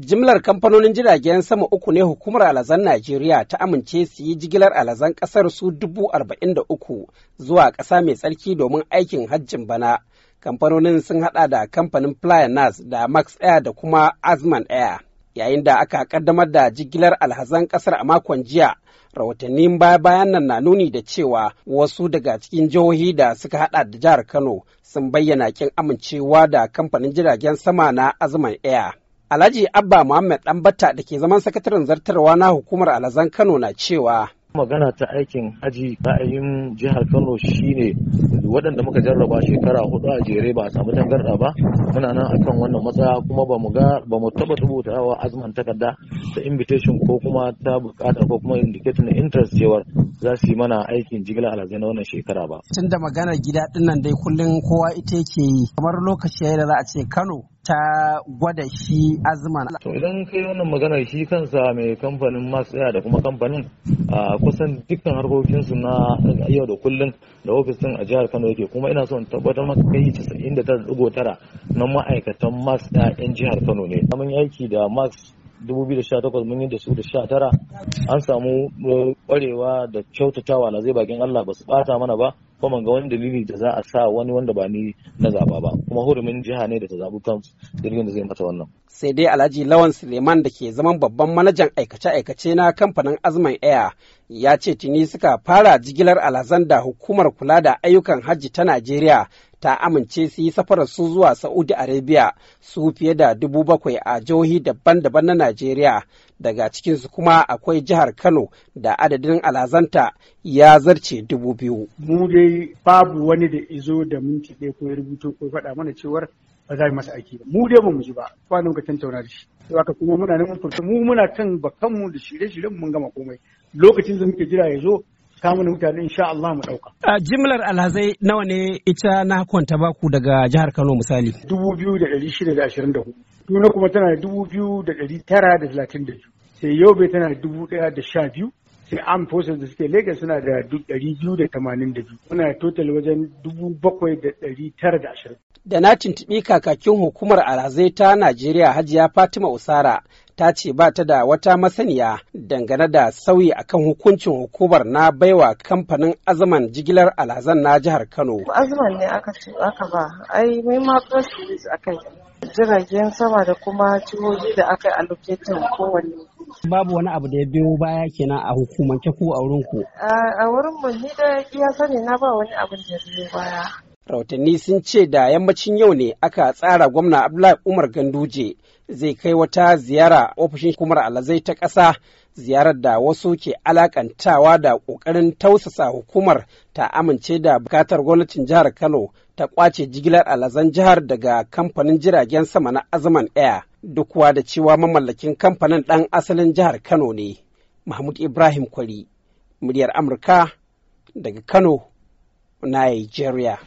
Jimlar kamfanonin jiragen sama uku ne hukumar alazan Najeriya ta amince su yi jigilar alazan ƙasar su dubu arba'in da uku zuwa ƙasa mai tsarki domin aikin hajjin bana. Kamfanonin sun haɗa da kamfanin Flynas da Max Air da kuma Azman Air. Yayin da aka kaddamar da jigilar alhazan ƙasar a makon jiya, rahotannin baya bayan nan na nuni da cewa wasu daga cikin jihohi da suka haɗa da jihar Kano sun bayyana kin amincewa da kamfanin jiragen sama na Azman Air. Alhaji Abba Muhammad batta da ke zaman sakataren zartarwa na hukumar Alazan Kano na cewa magana ta aikin aji ra'ayin jihar kano shine waɗanda muka jarraba shekara hudu a jere ba a samu tangarɗa ba muna nan akan wannan matsaya kuma ba mu ga ba mu taba rubutawa azumin takarda ta invitation ko kuma ta bukata ko kuma indicator na interest cewar za su yi mana aikin jigila alazai na wannan shekara ba tunda magana gida dinnan dai kullum kowa ita yake yi kamar lokaci yayin da za a ce kano ta gwada shi azuman. To idan kai wannan maganar shi kansa mai kamfanin masu tsaya da kuma kamfanin a kusan dukkan harkokinsu na yau da kullum da ofis a jihar Kano yake kuma ina son tabbatar maka kai tara na ma'aikatan masu tsaya 'yan jihar Kano ne. Kamar aiki da Max 2018 mun yi da su da 19 an samu kwarewa uh, da kyautatawa na zai bakin Allah ba su bata mana ba kuma ga wani dalili da za a sa wani wanda ba ni na zaba ba kuma hurumin jiha ne da ta zabu kan dalilin da zai mata wannan sai dai Alhaji Lawan Suleiman da ke zaman babban manajan aikace-aikace na kamfanin Azman Air ya ce tuni suka fara jigilar alhazan da hukumar kula da ayyukan hajji ta Najeriya ta amince su yi safarar su zuwa Saudi Arabia su fiye da dubu bakwai a jihohi daban-daban na Najeriya daga cikinsu kuma akwai jihar Kano da adadin alazanta ya zarce dubu biyu. Mu dai babu wani da izo da minti ɗaya ko ya rubuto ko faɗa mana cewar ba za mu masa aiki ba mu dai ba mu ji ba ba nan ka tantauna da shi Sai haka kuma muna nan furta mu muna kan bakanmu da shirye-shiryen mun gama komai lokacin da muke jira ya zo kamun mutane insha Allah mu dauka. A jimlar alhazai nawa ne ita na kwanta baku daga jihar Kano misali? Dubu biyu da ɗari shida da ashirin da hudu. Tuna kuma tana da dubu biyu da ɗari tara da talatin da biyu. Sai Yobe tana da dubu ɗaya da sha biyu. Sai Armed Forces da suke Lagos suna da ɗari biyu da tamanin da biyu. Muna total wajen dubu bakwai da ɗari tara da ashirin. Da na tuntuɓi kakakin hukumar alhazai ta Najeriya Hajiya Fatima Usara ta ce ba ta da wata masaniya dangane da sauyi akan hukuncin hukumar na baiwa kamfanin azuman jigilar alhazan na jihar Kano. Azuman ne aka ce aka ba, ai mai ma press jiragen sama da kuma jihohi da aka allocating kowanne. Babu wani abu da ya biyo baya kenan a hukumance ko a wurin ku? A wurin mu ni da iya sani na ba wani abu da ya biyo baya. rahotanni sun ce da yammacin yau ne aka tsara gwamna abdullahi umar ganduje zai kai wata ziyara ofishin hukumar alazai ta ƙasa ziyarar da wasu ke alakantawa da ƙoƙarin tausasa hukumar ta amince da bukatar gwamnatin jihar kano ta kwace jigilar alazan jihar daga kamfanin jiragen sama na azuman air duk da cewa mamallakin kamfanin ɗan asalin jihar kano ne mahmud ibrahim kwari muryar amurka daga kano nigeria